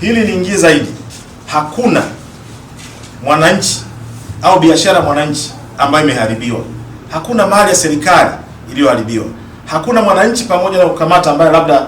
Hili niingie zaidi, hakuna mwananchi au biashara mwananchi ambayo imeharibiwa, hakuna mali ya serikali iliyoharibiwa, hakuna mwananchi pamoja na kukamata ambaye labda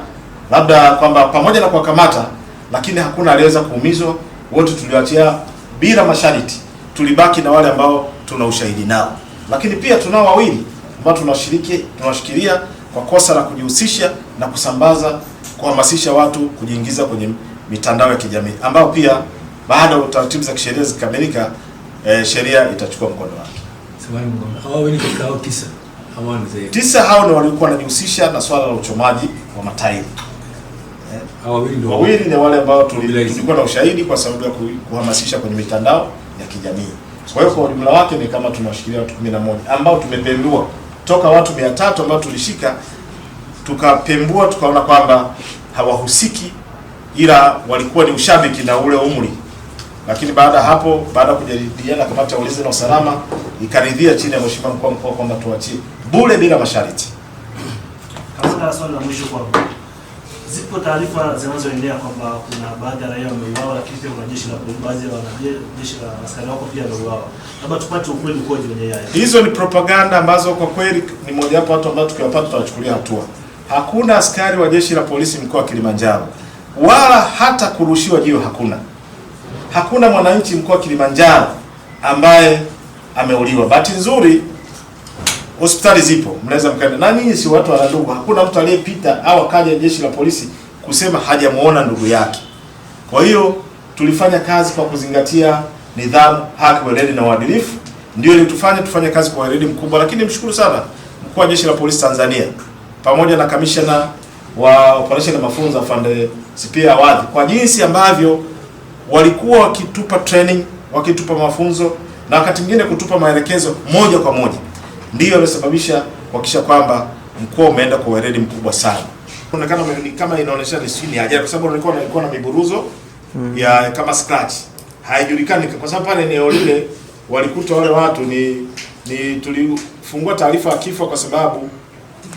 labda kwamba pamoja na kuwakamata, lakini hakuna aliweza kuumizwa. Wote tuliwachia bila masharti, tulibaki na wale ambao tuna ushahidi nao, lakini pia tunao wawili ambao tunashiriki tunashikilia kwa kosa la kujihusisha na kusambaza, kuhamasisha watu kujiingiza kwenye mitandao ya kijamii ambao pia baada ya taratibu za kisheria zikikamilika, e, sheria itachukua mkondo wake. Tisa hao ni walikuwa wanajihusisha na swala la uchomaji wa matairi eh. Wawili ni wale ambao tulikuwa na ushahidi kwa sababu ya kuhamasisha kwenye mitandao ya kijamii. Kwa hiyo kwa ujumla wake ni kama tunawashikilia watu 11 ambao tumepembua toka watu 300 ambao tulishika tukapembua tukaona kwamba hawahusiki ila walikuwa ni ushabiki na ule umri, lakini baada hapo, baada ya kujadiliana, kamati ya ulinzi na usalama ikaridhia chini ya mheshimiwa mkuu wa mkoa kwamba tuachie bure bila masharti. Kamanda, swali la mwisho kwako, zipo taarifa zinazoendea kwamba kuna baadhi ya raia wameuawa, lakini pia kuna jeshi la baadhi ya wanajeshi la askari wako pia wameuawa, labda tupate ukweli ukoje kwenye haya? Hizo ni propaganda ambazo kwa kweli ni mojawapo watu ambao tukiwapata tutawachukulia hatua. Hakuna askari wa jeshi la polisi mkoa wa Kilimanjaro wala hata kurushiwa jiwe hakuna. Hakuna mwananchi mkoa wa Kilimanjaro ambaye ameuliwa. Bahati nzuri hospitali zipo, mnaweza mkaenda na ninyi, si watu wana ndugu. Hakuna mtu aliyepita au akaja jeshi la polisi kusema hajamuona ndugu yake. Kwa hiyo tulifanya kazi kwa kuzingatia nidhamu, haki, weledi na uadilifu, ndio ilitufanya tufanye kazi kwa weledi mkubwa. Lakini mshukuru sana mkuu wa jeshi la polisi Tanzania pamoja na kamishna wa operation na mafunzo Fund Sipia Awadhi kwa jinsi ambavyo walikuwa wakitupa training, wakitupa mafunzo na wakati mwingine kutupa maelekezo moja kwa moja, ndiyo yaliyosababisha kuhakikisha kwamba mkoa umeenda kwa weledi mkubwa sana. Inaonekana kama inaonyesha ni sini haja kwa sababu nilikuwa nilikuwa na miburuzo hmm. ya kama scratch haijulikani, kwa sababu pale eneo lile walikuta wale watu ni, ni tulifungua taarifa ya kifo kwa sababu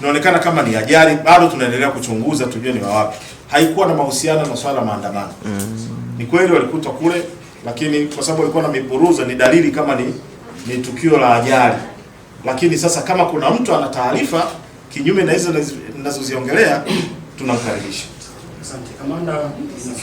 inaonekana kama ni ajali, bado tunaendelea kuchunguza tujue ni wawapi. Haikuwa na mahusiano na swala maandamano. Mm. Ni kweli walikutwa kule, lakini kwa sababu walikuwa na mipuruza, ni dalili kama ni ni tukio la ajali. Lakini sasa kama kuna mtu ana taarifa kinyume na hizo ninazoziongelea, tunamkaribisha. Asante kamanda.